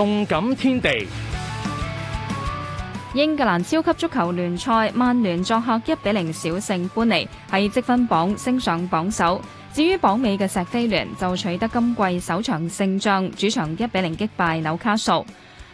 動感天地，英格蘭超級足球聯賽，曼聯作客一比零小勝般尼，喺積分榜升上榜首。至於榜尾嘅錫菲聯，就取得今季首場勝仗，主場一比零擊敗紐卡素。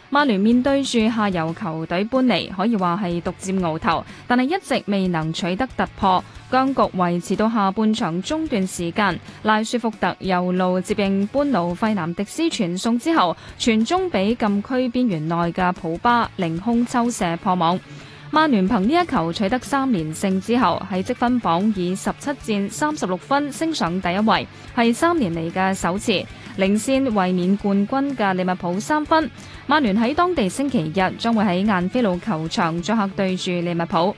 曼聯面對住下游球隊般尼，可以話係獨佔鰲頭，但係一直未能取得突破。僵局維持到下半場中段時間，拉舒福特右路接應般奴費南迪斯傳送之後，傳中俾禁區邊緣內嘅普巴凌空抽射破網。曼聯憑呢一球取得三連勝之後，喺積分榜以十七戰三十六分升上第一位，係三年嚟嘅首次，領先衛冕冠軍嘅利物浦三分。曼聯喺當地星期日將會喺晏菲路球場作客對住利物浦。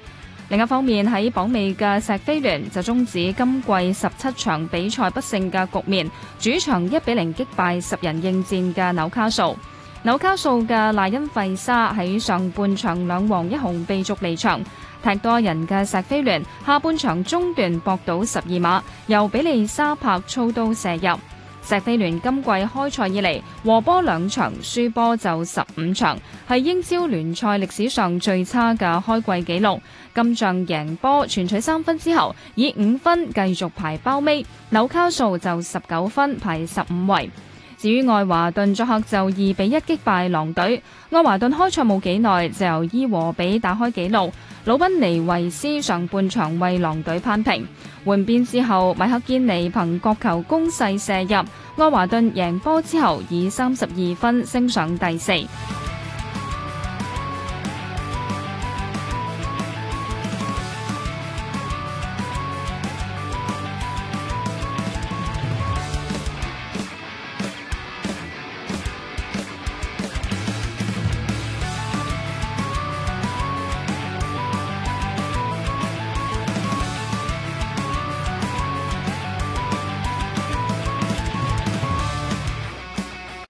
另一方面，喺榜尾嘅錫菲聯就終止今季十七場比賽不勝嘅局面，主場一比零擊敗十人應戰嘅紐卡素。紐卡素嘅賴恩費沙喺上半場兩黃一紅被逐離場，踢多人嘅錫菲聯下半場中段搏到十二碼，由比利沙柏操刀射入。錫菲聯今季開賽以嚟和波兩場，輸波就十五場，係英超聯賽歷史上最差嘅開季紀錄。今仗贏波，全取三分之後，以五分繼續排包尾，紐卡素就十九分，排十五位。至於愛華頓作客就二比一擊敗狼隊。愛華頓開賽冇幾耐就由伊和比打開紀錄，魯賓尼維斯上半場為狼隊扳平。換邊之後，米克堅尼憑角球攻勢射入，愛華頓贏波之後以三十二分升上第四。